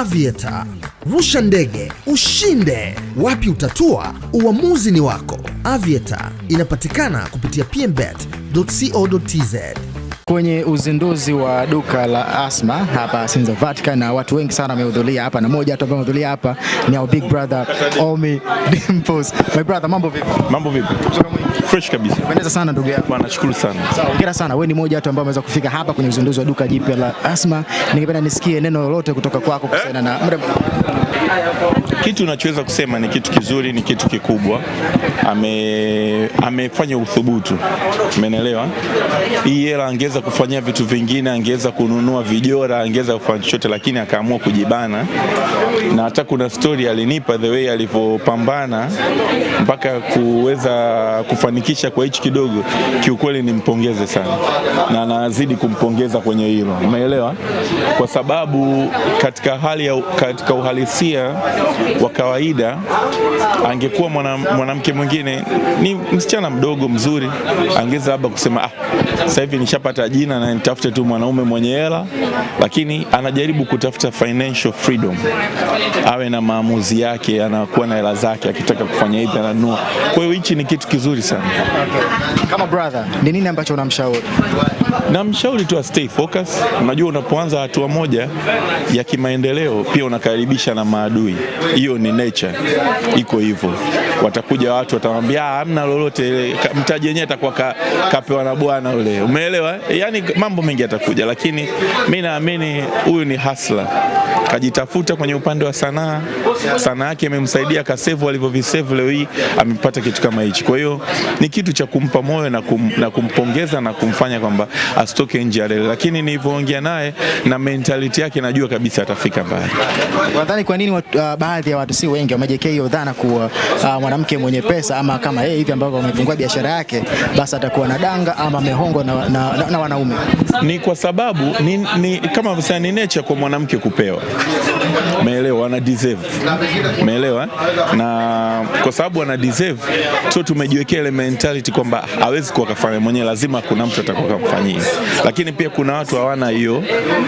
Aviator. Rusha ndege, ushinde. Wapi utatua? Uamuzi ni wako. Aviator inapatikana kupitia pmbet.co.tz. Kwenye uzinduzi wa duka la Asma hapa Sinza Vatican, na watu wengi sana wamehudhuria hapa, na moja hata ambao wamehudhuria hapa ni our big brother Omi Dimples. My brother, mambo vipi? Mambo vipi? fresh kabisa. Pendeza sana ndugu yako. Bwana nashukuru sana. Sawa, hongera sana. Wewe ni mmoja watu ambao wameweza kufika hapa kwenye uzinduzi wa duka jipya la Asma. Ningependa nisikie neno lolote kutoka kwako kuhusiana na kitu unachoweza kusema. Ni kitu kizuri, ni kitu kikubwa ame amefanya uthubutu, umeelewa? Hii hela angeweza kufanyia vitu vingine, angeweza kununua vijora, angeweza kufanya chochote, lakini akaamua kujibana. Na hata kuna story alinipa the way alivyopambana mpaka kuweza kufanikisha kwa hichi kidogo, kiukweli nimpongeze sana, na nazidi kumpongeza kwenye hilo, umeelewa? Kwa sababu katika hali ya, katika uhalisia wa kawaida angekuwa mwanamke mwana mwingine ni msichana mdogo mzuri, angeza labda kusema ah, sasa hivi nishapata jina na nitafute tu mwanaume mwenye hela, lakini anajaribu kutafuta financial freedom, awe na maamuzi yake, anakuwa na hela zake, akitaka kufanya hivi ananua. Kwa hiyo hichi ni kitu kizuri sana. Kama brother, ni nini ambacho unamshauri? Namshauri tu stay focus. Unajua, unapoanza hatua moja ya kimaendeleo, pia unakaribisha na maadui. Hiyo ni nature, iko hivyo, watakuja watu utamwambia hamna lolote mtaji wenyewe atakuwa ka, kapewa na bwana ule umeelewa? Yani mambo mengi yatakuja, lakini mi naamini huyu ni hasla, kajitafuta kwenye upande wa sanaa, sanaa yake imemsaidia kasevu alivyovisevu, leo hii amepata kitu kama hichi. Kwa hiyo ni kitu cha kumpa moyo na, kum, na kumpongeza na kumfanya kwamba asitoke nje ya reli, lakini nilivyoongea naye na mentality yake najua kabisa atafika mbali. Nadhani kwa nini uh, baadhi ya watu si wengi wamejekea hiyo dhana kuwa uh, mwanamke mwenye pesa pesa ama kama yeye hivi ambavyo amefungua biashara yake, basi atakuwa na danga ama amehongwa na, na, na, na wanaume. Ni kwa sababu ni, ni, kama visa, ni nature kwa mwanamke kupewa, umeelewa? Ana deserve, umeelewa? Na kwa sababu ana deserve, so tumejiwekea ile mentality kwamba hawezi kuwa kafanya mwenyewe, lazima kuna mtu atakuwa kamfanyia. Lakini pia kuna watu hawana hiyo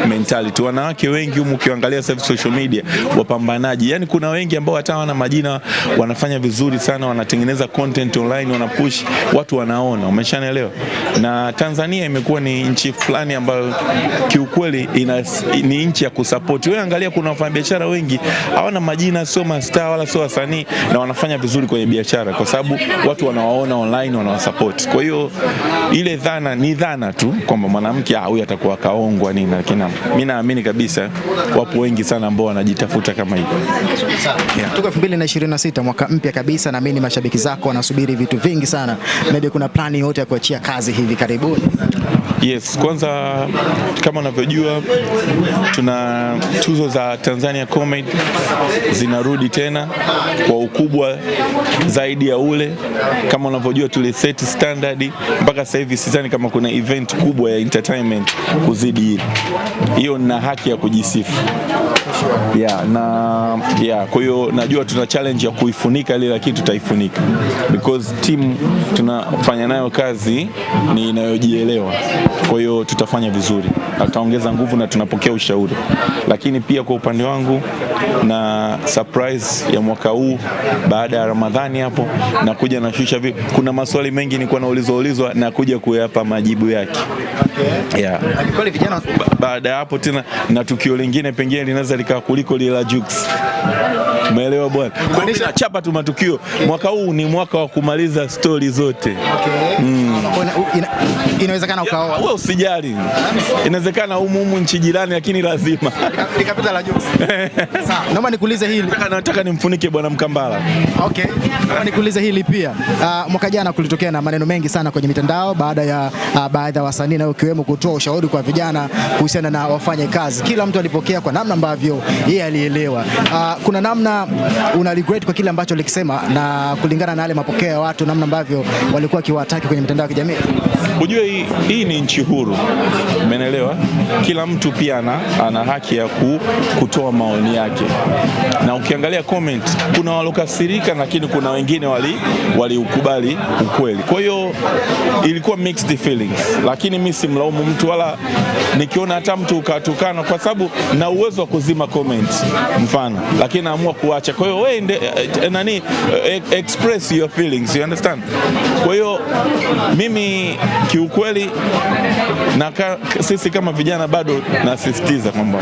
mentality. Wanawake wengi humu, ukiangalia sasa social media, wapambanaji, yani kuna wengi ambao hata wana majina wanafanya vizuri sana, wanatengeneza wanatengeneza content online, wanapush, watu wanaona, umeshanaelewa. Na Tanzania imekuwa ni nchi fulani ambayo kiukweli ina, ni nchi ya kusupport. Wewe angalia, kuna wafanyabiashara wengi hawana majina, sio mastaa wala sio wasanii, na wanafanya vizuri kwenye biashara kwa sababu watu wanawaona online, wanawasupport. Kwa hiyo ile dhana ni dhana tu kwamba mwanamke ah, huyu atakuwa kaongwa nini, lakini mimi naamini kabisa wapo wengi sana ambao wanajitafuta kama hivyo. Tuko 2026 mwaka mpya kabisa, na mimi ni mashabiki mashabiki zako wanasubiri vitu vingi sana, maybe kuna plani yote ya kuachia kazi hivi karibuni? Yes, kwanza kama unavyojua tuna tuzo za Tanzania Comedy zinarudi tena kwa ukubwa zaidi ya ule, kama unavyojua set standard mpaka sasa hivi, sidhani kama kuna event kubwa ya entertainment kuzidi hili. Hiyo nina haki ya kujisifu yeah, na yeah, kwa hiyo najua tuna challenge ya kuifunika ile, lakini tutaifunika because team tunafanya nayo kazi ni inayojielewa, kwa hiyo tutafanya vizuri, tutaongeza nguvu na tunapokea ushauri. Lakini pia kwa upande wangu na surprise ya mwaka huu baada ya Ramadhani hapo nakuja nashusha vi, kuna maswali mengi nilikuwa naulizwa ulizwa na kuja kuyapa majibu yake. Okay. Yeah. Kweli vijana baada ya hapo tena na tukio lingine pengine linaweza likakuliko kuliko lile la Jux. Umeelewa bwana? Kwa hiyo nachapa tu matukio. Mwaka huu ni mwaka wa kumaliza stori zote. Okay. Mm. inawezekana ukaoa. Wewe usijali. Inawezekana humu humu nchi jirani lakini lazima. Nikapita la juu. Sawa. Naomba nikuulize hili. Nataka nataka nimfunike bwana Mkambala. Okay. Naomba nikuulize hili pia. Uh, mwaka jana kulitokea na maneno mengi sana kwenye mitandao baada ya uh, baadhi ya wasanii na ukiwemo kutoa ushauri kwa vijana kuhusiana na wafanye kazi. Kila mtu alipokea kwa namna ambavyo yeye alielewa. Uh, kuna namna una regret kwa kile ambacho likisema na kulingana na yale mapokeo ya watu, namna ambavyo walikuwa wakiwataki kwenye mitandao ya kijamii? Hujue hii, hii ni nchi huru, umeelewa? Kila mtu pia ana, ana haki ya ku, kutoa maoni yake, na ukiangalia comment kuna walokasirika, lakini kuna wengine waliukubali wali ukweli. Kwa hiyo ilikuwa mixed feelings, lakini mi simlaumu mtu wala nikiona hata mtu ukatukana, kwa sababu na uwezo wa kuzima comment mfano, lakini naamua ku kuacha. Kwa hiyo wewe eh, nani eh, eh, express your feelings, you understand? Kwa hiyo mimi kiukweli na ka, sisi kama vijana bado nasisitiza kwamba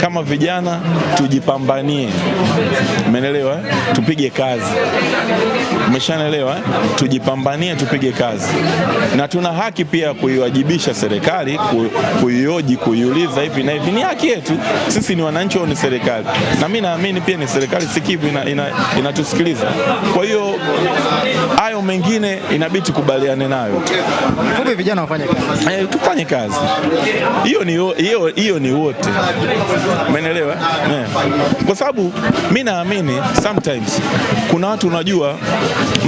kama vijana tujipambanie, umeelewa eh? Tupige kazi, umeshanaelewa eh? Tujipambanie, tupige kazi, na tuna haki pia kuiwajibisha serikali, kuioji, kuiuliza hivi na hivi. Ni haki yetu sisi, ni wananchi au ni serikali? Na mimi naamini pia ni serikali serikali sikivu inatusikiliza ina, ina kwa hiyo hayo mengine inabidi tukubaliane nayo. Kumbe vijana wafanye kazi. Eh, tufanye kazi. Hiyo ni hiyo hiyo ni wote. Umeelewa? Yeah. Kwa sababu mimi naamini sometimes kuna watu unajua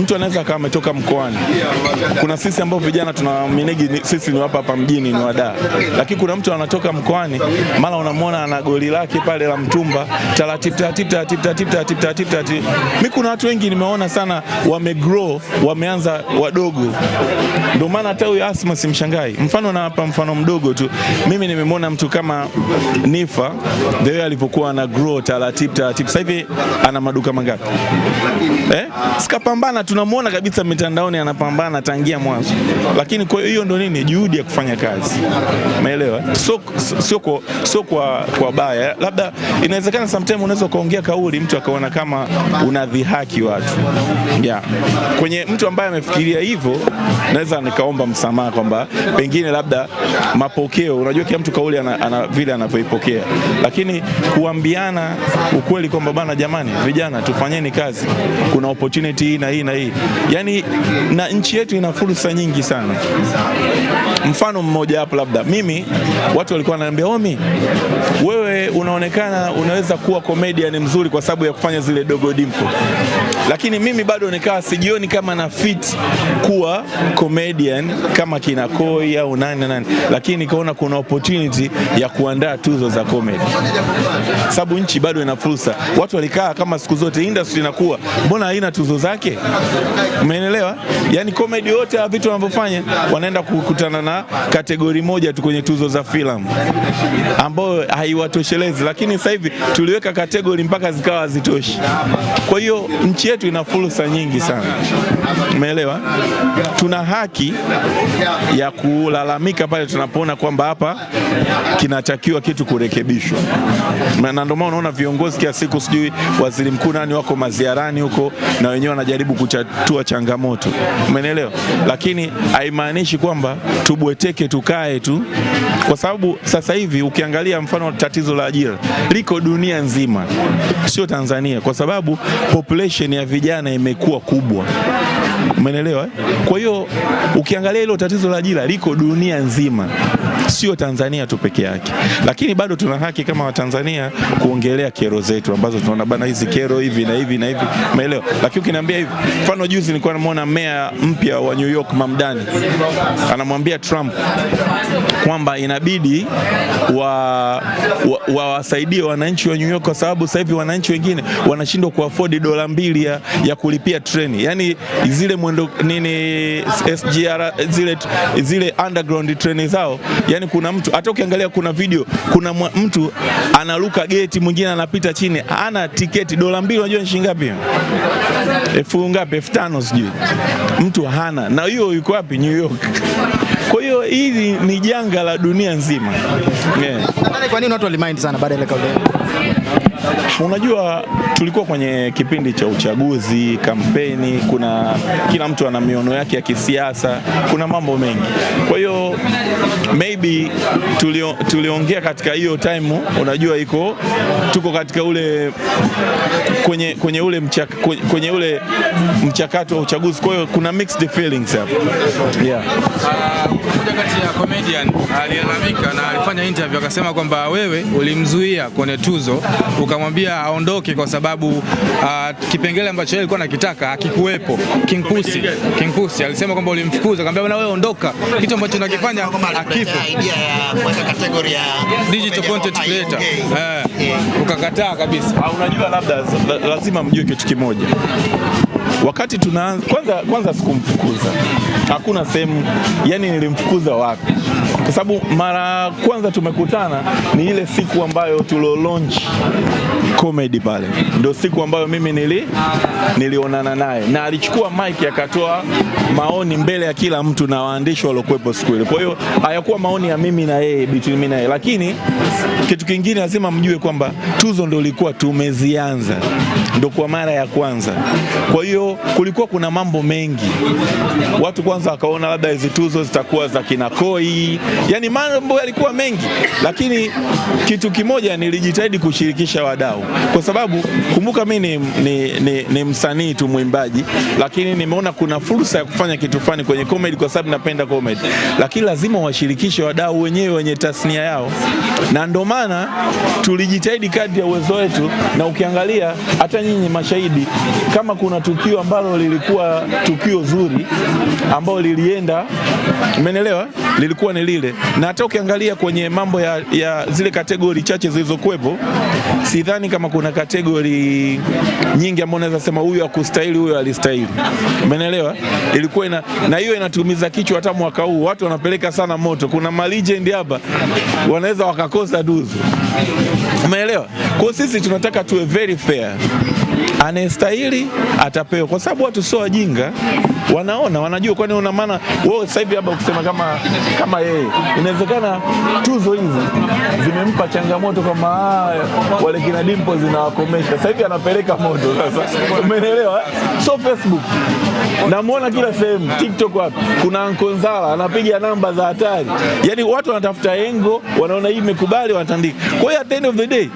mtu anaweza kama ametoka mkoani. Kuna sisi ambao vijana tunaaminigi sisi ni hapa hapa mjini ni wadaa. Lakini kuna mtu anatoka mkoani mara unamwona ana goli lake pale la mtumba taratibu taratibu taratibu taratibu taratibu taratibu taratibu. Mimi kuna watu wengi nimeona sana wamegrow, wameanza wadogo, ndio maana hata huyo Asma simshangai. Mfano na hapa, mfano mdogo tu, mimi nimemwona mtu kama Nifa the way alipokuwa ana grow taratibu taratibu, sasa hivi ana maduka mangapi eh? Sikapambana, tunamwona kabisa mitandaoni anapambana tangia mwanzo, lakini kwa hiyo ndio nini, juhudi ya kufanya kazi, umeelewa? Sio so, so, so, kwa, so kwa, kwa baya labda inawezekana sometime unaweza ukaongea kauli hadi mtu akaona kama unadhihaki watu yeah. Kwenye mtu ambaye amefikiria hivyo, naweza nikaomba msamaha kwamba pengine labda mapokeo, unajua kila mtu kauli ana, ana vile anavyoipokea, lakini kuambiana ukweli kwamba bana, jamani, vijana tufanyeni kazi, kuna opportunity hii na hii na hii yani, na nchi yetu ina fursa nyingi sana. Mfano mmoja hapo, labda mimi watu walikuwa wananiambia Omi, wewe unaonekana unaweza kuwa comedian mzuri kwa sababu ya kufanya zile dogo dimpo, lakini mimi bado nikawa sijioni kama na fit kuwa comedian kama kina Koi au nani nani, lakini nikaona kuna opportunity ya kuandaa tuzo za comedy, sababu nchi bado ina fursa. Watu walikaa kama siku zote industry inakuwa, mbona haina tuzo zake? Umeelewa? Yani comedy yote ya vitu wanavyofanya wanaenda kukutana na kategori moja tu kwenye tuzo za filamu ambayo haiwatoshelezi, lakini sasa hivi tuliweka kategori mpaka zikawa dawa hazitoshi. Kwa hiyo nchi yetu ina fursa nyingi sana, umeelewa? Tuna haki ya kulalamika pale tunapoona kwamba hapa kinatakiwa kitu kurekebishwa, na ndio maana unaona viongozi kila siku, sijui waziri mkuu nani, wako maziarani huko na wenyewe wanajaribu kuchatua changamoto, umeelewa? Lakini haimaanishi kwamba tubweteke tukae tu, kwa sababu sasa hivi ukiangalia mfano tatizo la ajira liko dunia nzima, sio Tanzania, kwa sababu population ya vijana imekuwa kubwa, umeelewa eh? Kwa hiyo ukiangalia hilo tatizo la ajira liko dunia nzima sio Tanzania tu peke yake, lakini bado tuna haki kama Watanzania kuongelea kero zetu ambazo tunaona bana, hizi kero hivi na hivi na hivi, umeelewa? Lakini ukiniambia hivi, mfano juzi nilikuwa namuona meya mpya wa New York Mamdani anamwambia Trump kwamba inabidi wawasaidie wa, wa wananchi wa New York kwa sababu sasa hivi wananchi wengine wanashindwa kuafodi dola mbili ya, ya kulipia treni, yani zile mwendo nini SGR zile, zile underground treni zao yani kuna mtu hata ukiangalia, kuna video, kuna mtu anaruka geti, mwingine anapita chini, ana tiketi dola mbili. Unajua ni shilingi ngapi? elfu ngapi? elfu tano sijui, mtu hana na hiyo. Yuko wapi? New York. Kwa hiyo hili ni janga la dunia nzima yeah. Kwa nini watu walimind sana baada ya ile kauli? Unajua, tulikuwa kwenye kipindi cha uchaguzi, kampeni, kuna kila mtu ana miono yake ya kisiasa, kuna mambo mengi. Kwa hiyo zaidi tuliongea katika hiyo time, unajua iko tuko katika ule kwenye, kwenye ule mchak, kwenye ule mchakato wa uchaguzi, kwa hiyo kuna mixed feelings hapo. Yeah. Mmoja kati ya comedian alilalamika na alifanya interview akasema kwamba wewe ulimzuia kwenye tuzo ukamwambia aondoke kwa sababu uh, kipengele ambacho yeye alikuwa anakitaka hakikuwepo. King Pusi, King Pusi alisema kwamba ulimfukuza akamwambia bwana wewe ondoka, kitu ambacho unakifanya hakipo idea ya kuweka kategori ya digital content creator eh, ukakataa kabisa. Ah, unajua, labda lazima mjue kitu kimoja wakati tunaanza kwanza, kwanza sikumfukuza, hakuna sehemu yani nilimfukuza wapi, kwa sababu mara kwanza tumekutana ni ile siku ambayo tulio launch comedy pale, ndio siku ambayo mimi nili nilionana naye na alichukua mike akatoa maoni mbele ya kila mtu na waandishi waliokuwepo siku ile. Kwa hiyo hayakuwa maoni ya mimi na yeye, between mimi na yeye, lakini kitu kingine lazima mjue kwamba tuzo ndio ilikuwa tumezianza, ndio kwa mara ya kwanza, kwa hiyo kulikuwa kuna mambo mengi, watu kwanza wakaona labda hizo tuzo zitakuwa za kinakoi, yani mambo yalikuwa mengi, lakini kitu kimoja nilijitahidi kushirikisha wadau, kwa sababu kumbuka mi ni, ni, ni, ni msanii tu mwimbaji, lakini nimeona kuna fursa ya kufanya kitu fani kwenye comedy, kwa sababu napenda comedy, lakini lazima washirikishe wadau wenyewe wenye tasnia yao, na ndio maana tulijitahidi kadri ya uwezo wetu, na ukiangalia hata nyinyi mashahidi, kama kuna tukio tukio ambalo lilikuwa tukio zuri ambalo lilienda, umeelewa, lilikuwa ni lile. Na hata ukiangalia kwenye mambo ya, ya zile kategori chache zilizokuwepo, sidhani kama kuna kategori nyingi ambayo unaweza sema huyu akustahili huyu alistahili, umeelewa. Ilikuwa ina, na hiyo inatumiza kichwa hata mwaka huu, watu wanapeleka sana moto. Kuna malegend hapa wanaweza wakakosa duzu, umeelewa. Kwa sisi tunataka tuwe very fair anayestahili atapewa, kwa sababu watu sio wajinga, wanaona wanajua. Kwani una maana wewe sasa hivi labda ukisema kama kama yeye, inawezekana tuzo hizi zimempa changamoto, kama ah, wale kina dimpo zinawakomesha. Sasa hivi anapeleka moto, sasa umeelewa? So Facebook namwona kila sehemu, TikTok wapi, kuna Ankonzala anapiga namba za hatari, yani watu wanatafuta engo, wanaona hii imekubali, wanatandika. Kwa hiyo at the end of the day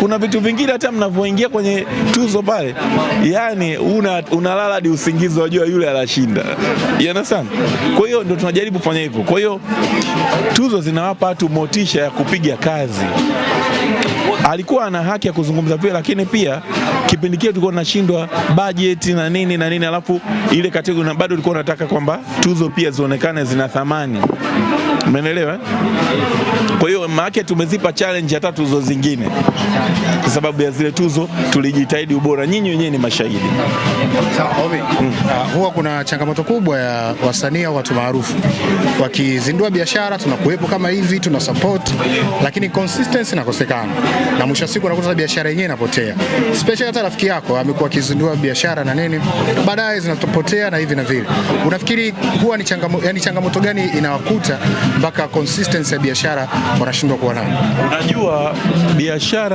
kuna vitu vingine hata mnavyoingia kwenye tuzo pale, yani unalala hadi usingizi, unajua yule anashinda yanasana. Kwa hiyo ndio tunajaribu kufanya hivyo. Kwa hiyo tuzo zinawapa watu motisha ya kupiga kazi. Alikuwa ana haki ya kuzungumza pia, lakini pia kipindi kile tulikuwa tunashindwa bajeti na nini na nini, alafu ile kategori na bado ulikuwa unataka kwamba tuzo pia zionekane zina thamani. Umeelewa eh? Kwa hiyo maake tumezipa challenge hata tuzo zingine, kwa sababu ya zile tuzo tulijitahidi ubora. Nyinyi wenyewe ni mashahidi. Mm. Uh, huwa kuna changamoto kubwa ya wasanii au watu maarufu wakizindua biashara, tunakuwepo kama hivi, tuna support, lakini consistency inakosekana na mwisho siku unakuta biashara yenyewe inapotea, especially hata rafiki yako amekuwa akizindua biashara na nini, baadaye zinapotea na hivi na vile. Unafikiri huwa ni changamoto, yani changamoto gani inawakuta mpaka consistency ya biashara wanashindwa kuwa nayo. Unajua biashara